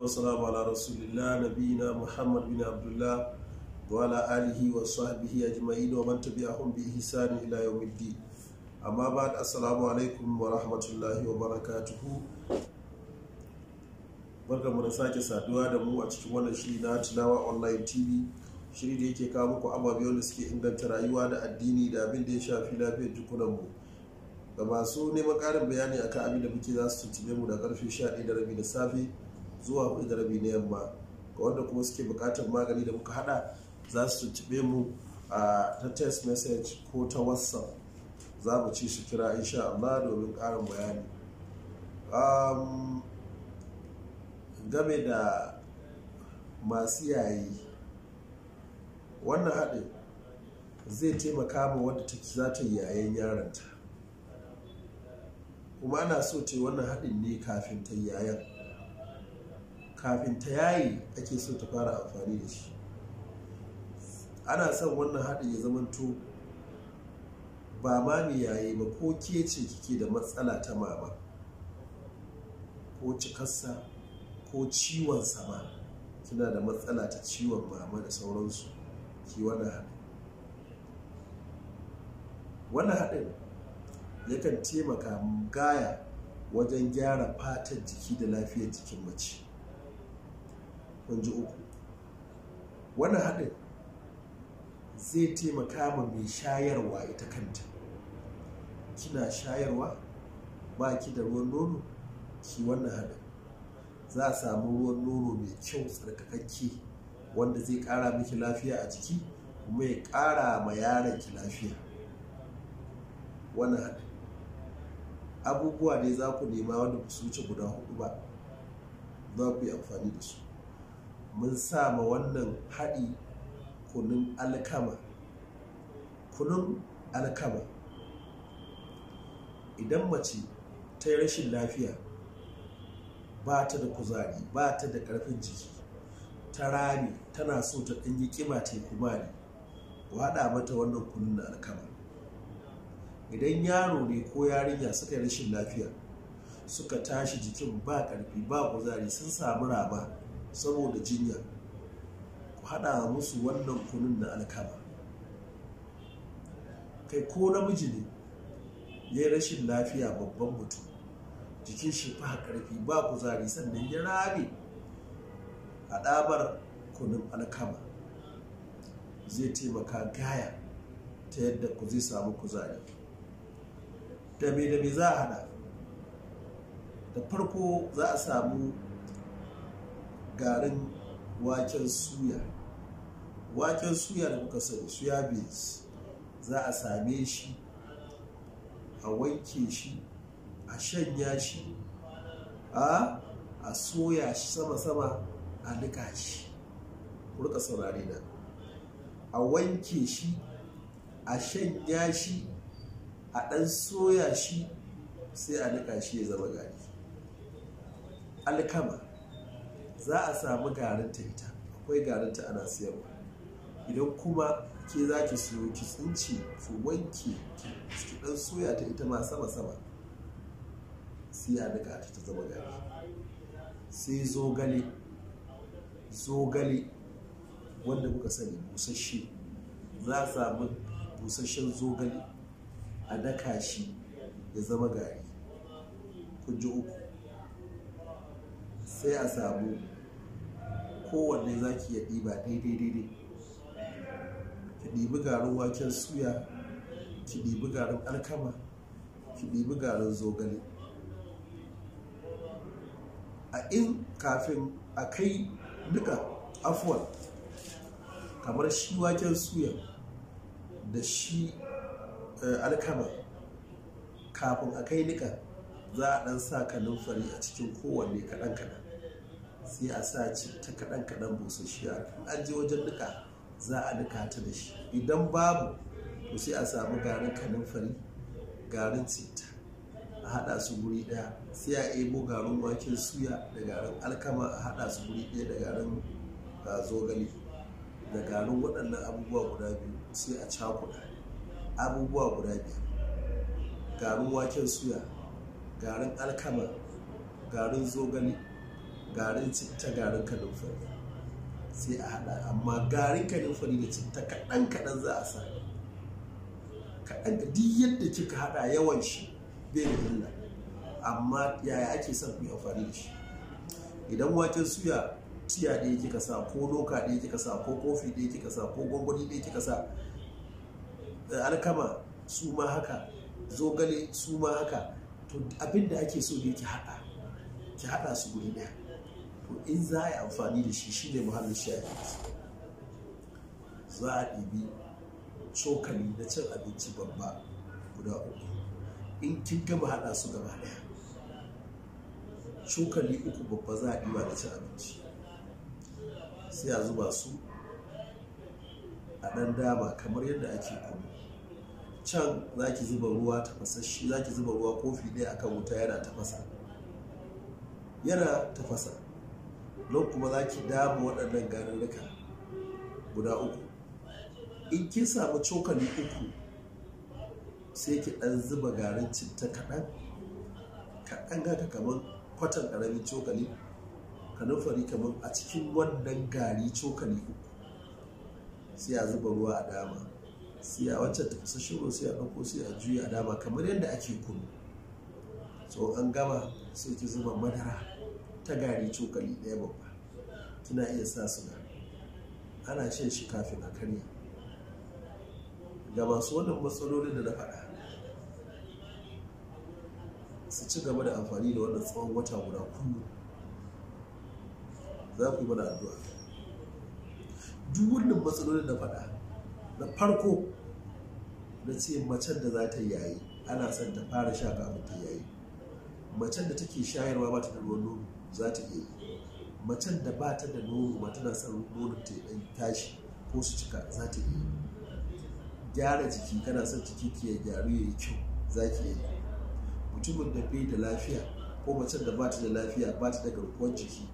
wasalamu ala rasulillah nabiyina muhammad bin abdullah wa ala alihi wa sahbihi ajma'in wa man tabi'ahum bi ihsan ila yawmiddin amma ba'd assalamu alaikum wa rahmatullahi wa barakatuhu barka mu da sake saduwa da mu a cikin wannan shiri na tunawa online tv shiri da yake kawo muku ababe da suke inganta rayuwa da addini da abin da ya shafi lafiyar jikunan mu ga masu neman karin bayani akan abin da muke za su tuntube mu da karfe 11 da rabi da safe zuwa hudu da rabi na yamma ga wanda kuma suke bukatar magani da muka hada za su tuntube mu a ta text message ko ta whatsapp za mu ci shi kira insha Allah domin karin bayani game da masu yayi wannan haɗin zai taimaka ma wadda take za ta yayin yaranta kuma ana so ce wannan haɗin ne kafin ta yi yayan kafin ta yayi ake so ta fara amfani da shi ana son wannan haɗin ya zamanto ba ma mai yayi ba ko ke ce kike da matsala ta mama ko cikarsa ko ciwon sama kina da matsala ta ciwon mama da sauransu ki wannan haɗin wannan haɗin yakan taimaka gaya wajen gyara fatar jiki da lafiyar jikin mace kun ji uku wannan haɗin zai taimaka ma mai shayarwa ita kanta kina shayarwa ba ki da ruwan nono ki wannan haɗin za a samu ruwan nono mai kyau tsarkakakke wanda zai ƙara miki lafiya a jiki kuma ya ƙara ma yaron ki lafiya wannan haɗin abubuwa ne za ku nema wanda ku su guda hudu ba za ku yi amfani da su mun sa ma wannan haɗi kunun alkama kunun alkama idan mace ta yi rashin lafiya ba ta da kuzari ba ta da ƙarfin jiki ta rami tana so ta ɗanyi ƙiba ta kumari ku haɗa mata wannan kunun na alkama idan yaro ne ko yarinya suka yi rashin lafiya suka tashi jikin ba ƙarfi ba kuzari sun samu raba saboda jinya ku haɗa musu wannan kunun na alkama kai ko namiji ne ya yi rashin lafiya babban mutum jikin shi ba ƙarfi ba kuzari sannan ya rame a ɗabar kunun alkama zai taimaka gaya ta yadda ku zai samu kuzari da me da me za a hada da farko za a samu garin waken suya waken suya da muka sani suya beans za a same shi a wanke shi a shanya shi a a soya shi sama-sama a nika shi kurka saurari na a wanke shi a shanya shi a dan soya shi sai a nika shi ya zama gari alkama za a samu garinta ita akwai garinta ana siyarwa idan kuma ke za ki siyo ki tsinci ki wanke ki dan soya ta ita ma sama sama sai a daga ta ta zama gari sai zogale zogale wanda kuka sani busasshe za a samu busasshen zogale a daka shi ya zama gari kun ji uku sai a samu kowanne za ki iya ɗiba daidai daidai ki ɗibi garin waken suya ki ɗibi garin alkama ki ɗibi garin zogale a in kafin a kai duka afuwan kamar shi waken suya da shi eh, alkama kafin a kai nika za a ɗan sa fari a cikin kowanne kaɗan-kaɗan sai a sa ta kaɗan kaɗan busasshiya an je wajen duka za a duka ta da shi idan babu to sai a samu garin kanunfari garin citta a haɗa su guri ɗaya sai a ebo garin waken suya da garin alkama a haɗa su guri ɗaya da garin zogali da garin waɗannan abubuwa guda biyu sai a cakuɗa abubuwa guda biyu garin waken suya garin alkama garin zogale garin citta garin kanunfari sai a hada amma garin kanunfari da citta kaɗan kaɗan za a sa kaɗan da duk yadda kika hada yawan shi bai da illa amma yaya ake son ku amfani da shi idan waken suya tiya ɗaya yake kasa ko loka ɗaya yake kasa ko kofi ɗaya yake kasa ko gwangwani ɗaya kasa sa eh, alkama su ma haka zogale su ma haka to abinda ake so ne ki hada ki hada su guri daya. in za a yi amfani da shi shi ne muhallin shayi za a ɗibi cokali na cin abinci babba guda uku in kin gama haɗa su gaba ɗaya cokali uku babba za a ɗiba da cin abinci sai a zuba su a ɗan dama kamar yadda ake kunu can za ki zuba ruwa shi? za ki zuba ruwa kofi ɗaya akan wuta yana tafasa yana tafasa don kuma za ki damu waɗannan garurruka guda uku in kin samu cokali uku sai ki ɗan zuba garin citta kaɗan kaɗan haka kamar kwatan ƙaramin cokali nufari kamar a cikin wannan gari cokali uku sai a zuba ruwa a dama sai a wancan tafasa shirin sai a ɗauko sai a juya a dama kamar yadda ake kunu so an gama sai ki zuba madara ta gari cokali ɗaya babba kina iya sa su ana cin shi kafin a karya ga masu wannan matsalolin da na faɗa su ci gaba da amfani da wannan tsawon wata guda kullum za ku yi mana addu'a duk wannan matsalolin da faɗa na farko na ce macen da za ta yayi ana son ta fara sha kafin ta yayi macen da take shayarwa ba ta da ruwan nono za ta iya macen da ba ta da nono ba tana son nono ta ɗan tashi ko su cika za ta iya gyara jiki kana son jiki ke gyaru ya yi kyau za ki iya mutumin da bai da lafiya ko macen da ba ta da lafiya ba ta da garkuwar jiki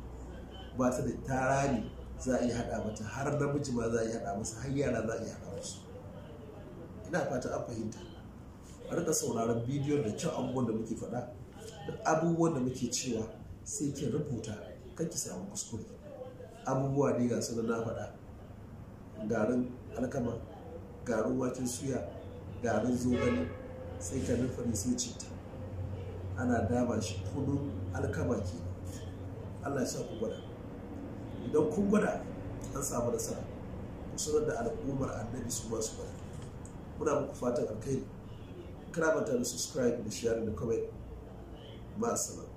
ba ta da tarari za a yi haɗa mata har namiji ma za a yi haɗa masa har yara za a yi haɗa masu ina fata an fahimta a rika sauraron bidiyon da kyau abubuwan da muke faɗa da abubuwan da muke cewa sai ke rubuta kan ki samu kuskure abubuwa ne ga su na faɗa garin alkama garin waken suya garin zogale sai ka nufa sai citta ana dama shi kudu alkama ke Allah ya sa ku gwada idan kun gwada an samu nasara ku sanar da al'ummar annabi su ba su gwada muna muku fatan alkhairi kana mata da subscribe da share da comment ba.